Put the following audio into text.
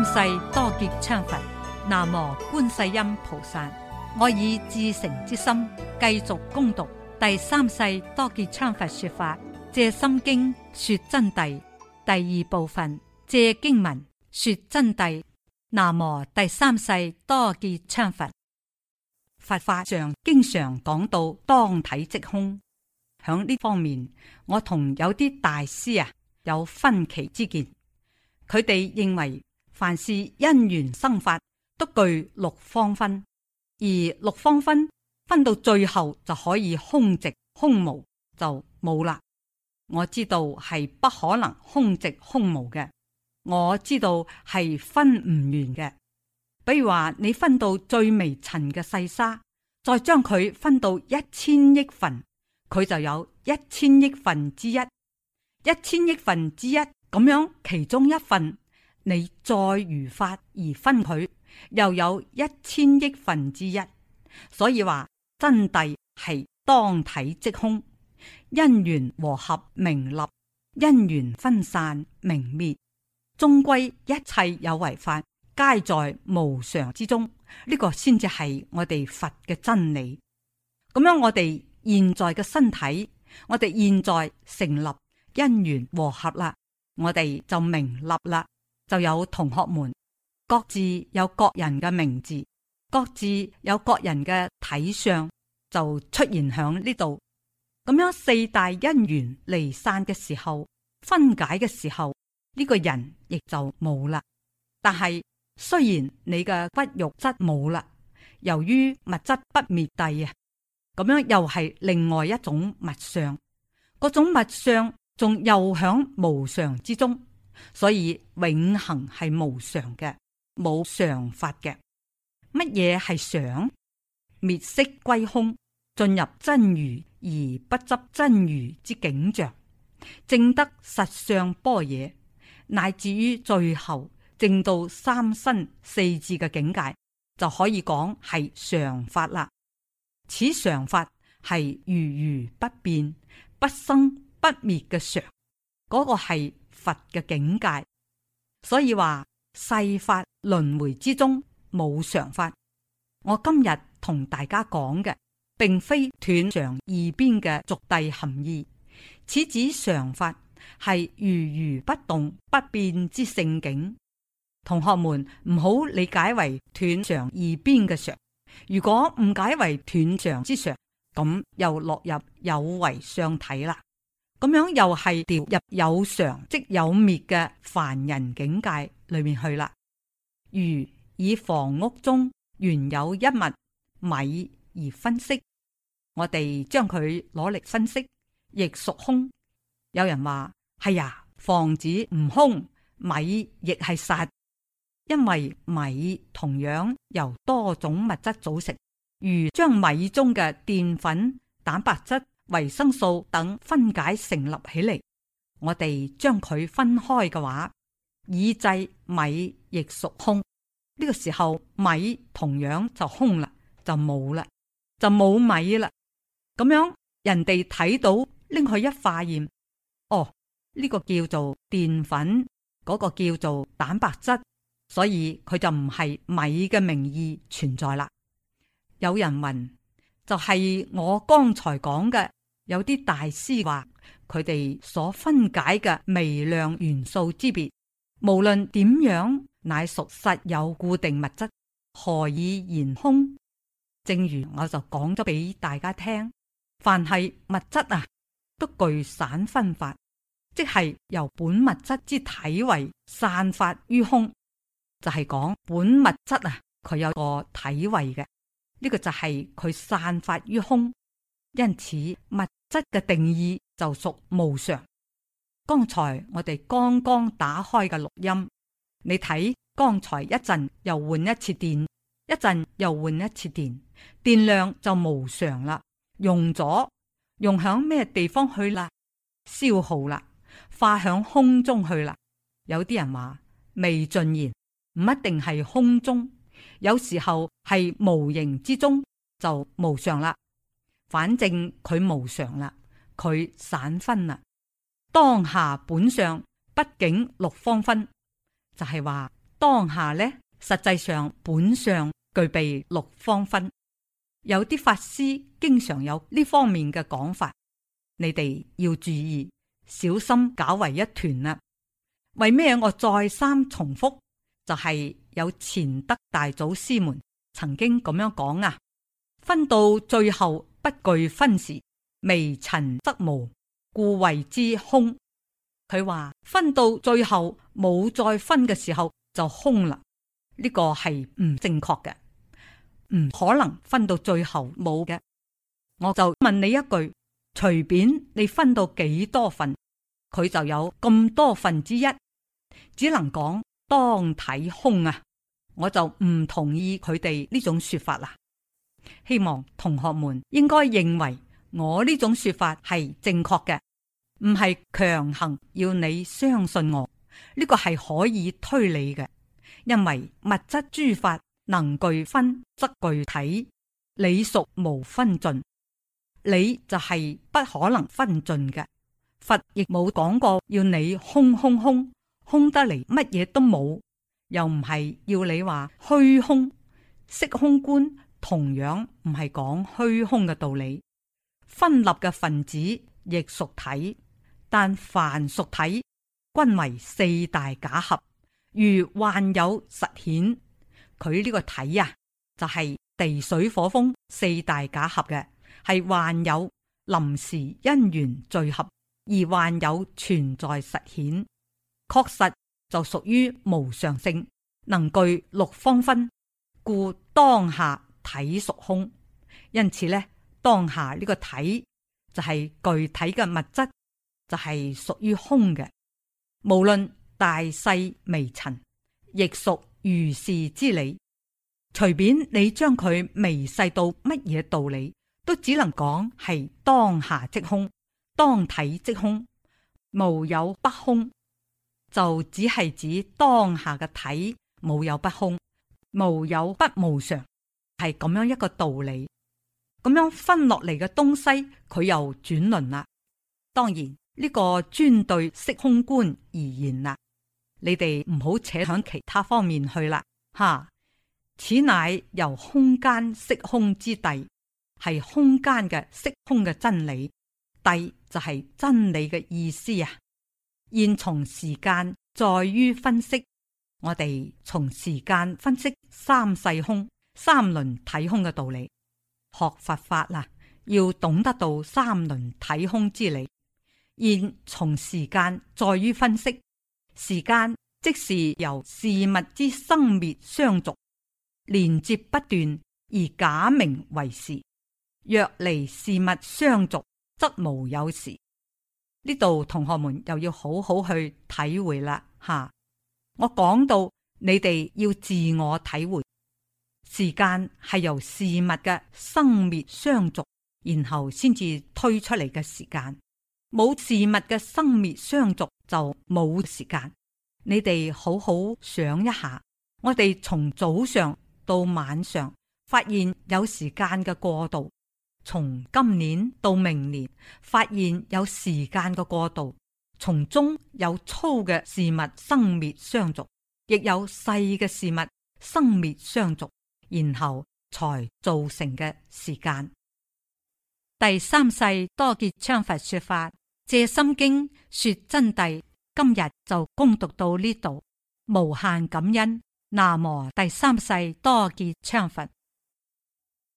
三世多杰羌佛，南無觀世音菩薩。我以至誠之心繼續恭讀第三世多杰羌佛說法《藉心經》說真諦第二部分《藉經文說真諦》，南無第三世多杰羌佛。佛法上經常講到當體即空，響呢方面我同有啲大師啊有分歧之見，佢哋認為。凡是因緣生法，都具六方分，而六方分分到最後就可以空直空無，就冇啦。我知道係不可能空直空無嘅，我知道係分唔完嘅。比如話你分到最微塵嘅細沙，再將佢分到一千億份，佢就有一千億份之一，一千億份之一咁樣其中一份。你再如法而分佢，又有一千億分之一。所以話真諦係當體即空，因緣和合名立，因緣分散明滅，終歸一切有為法，皆在無常之中。呢個先至係我哋佛嘅真理。咁樣，我哋現在嘅身體，我哋現在成立因緣和合啦，我哋就明立啦。就有同學們，各自有各人嘅名字，各自有各人嘅體相，就出現響呢度。咁樣四大因緣離散嘅時候，分解嘅時候，呢個人亦就冇啦。但係雖然你嘅骨肉質冇啦，由於物質不滅帝啊，咁樣又係另外一種物相，嗰種物相仲又響無常之中。所以永恆係無常嘅，冇常法嘅。乜嘢係常？滅色歸空，進入真如而不執真如之景象，證得實相般若，乃至於最後證到三身四智嘅境界，就可以講係常法啦。此常法係如如不變、不生不滅嘅常，嗰、那個係。佛嘅境界，所以話世法輪迴之中冇常法。我今日同大家講嘅，並非斷常二邊嘅俗諦含義，此指常法係如如不動不變之聖境。同學們唔好理解為斷常二邊嘅常，如果誤解為斷常之常，咁又落入有為相體啦。咁樣又係掉入有常即有滅嘅凡人境界裏面去啦。如以房屋中原有一物米而分析，我哋將佢攞嚟分析，亦屬空。有人話：係呀，房子唔空，米亦係實，因為米同樣由多種物質組成。如將米中嘅澱粉、蛋白質。維生素等分解成立起嚟，我哋將佢分開嘅話，以制米亦屬空。呢個時候，米同樣就空啦，就冇啦，就冇米啦。咁樣人哋睇到拎去一化驗，哦，呢個叫做澱粉，嗰個叫做蛋白質，所以佢就唔係米嘅名義存在啦。有人問，就係我剛才講嘅。有啲大師話佢哋所分解嘅微量元素之別，無論點樣，乃屬實有固定物質，何以言空？正如我就講咗俾大家聽，凡係物質啊，都具散分法，即係由本物質之體位散發於空，就係、是、講本物質啊，佢有個體位嘅，呢、這個就係佢散發於空。因此，物質嘅定義就屬無常。剛才我哋剛剛打開嘅錄音，你睇，剛才一陣又換一次電，一陣又換一次電，電量就無常啦。用咗，用響咩地方去啦？消耗啦，化響空中去啦。有啲人話未盡然，唔一定係空中，有時候係無形之中就無常啦。反正佢無常啦，佢散分啦。當下本上畢竟六方分，就係話當下呢，實際上本上具備六方分。有啲法師經常有呢方面嘅講法，你哋要注意，小心搞為一團啦。為咩我再三重複？就係有前德大祖師們曾經咁樣講啊，分到最後，不具分時，微塵則無，故謂之空。佢話分到最後冇再分嘅時候就空啦，呢、這個係唔正確嘅，唔可能分到最後冇嘅。我就問你一句，隨便你分到幾多份，佢就有咁多分之一，只能講當體空啊！我就唔同意佢哋呢種說法啦。希望同學們應該認為我呢種說法係正確嘅，唔係強行要你相信我。呢個係可以推理嘅，因為物質諸法能具分則具體，你屬無分盡，你就係不可能分盡嘅。佛亦冇講過要你空空空空得嚟乜嘢都冇，又唔係要你話虛空色空觀。同樣唔係講虛空嘅道理，分立嘅分子亦屬體，但凡屬體，均為四大假合，如幻有實顯。佢呢個體啊，就係、是、地水火風四大假合嘅，係幻有臨時因緣聚合，而幻有存在實顯，確實就屬於無常性，能具六方分，故當下。體屬空，因此咧，當下呢個體就係、是、具體嘅物質，就係、是、屬於空嘅。無論大細微塵，亦屬如是之理。隨便你將佢微細到乜嘢道理，都只能講係當下即空，當體即空，無有不空，就只係指當下嘅體無有不空，無有不無常。係咁樣一個道理，咁樣分落嚟嘅東西，佢又轉輪啦。當然呢、這個專對色空觀而言啦，你哋唔好扯響其他方面去啦。吓，此乃由空間色空之諦，係空間嘅色空嘅真理。諦就係真理嘅意思啊。現從時間在於分析，我哋從時間分析三世空。三輪體空嘅道理。學佛法，法啊，要懂得到三輪體空之理。現從時間在於分析，時間即是由事物之生滅相續，連接不斷而假名為時。若離事物相續，則無有時。呢度同學們又要好好去體會啦。吓，我講到你哋要自我體會。時間係由事物嘅生滅相續，然後先至推出嚟嘅時間。冇事物嘅生滅相續就冇時間。你哋好好想一下，我哋從早上到晚上，發現有時間嘅過渡；從今年到明年，發現有時間嘅過渡；從中有粗嘅事物生滅相續，亦有細嘅事物生滅相續。然後才造成嘅時間。第三世多杰羌佛說法《藉心經》說真諦，今日就恭讀到呢度，無限感恩。南無第三世多杰羌佛。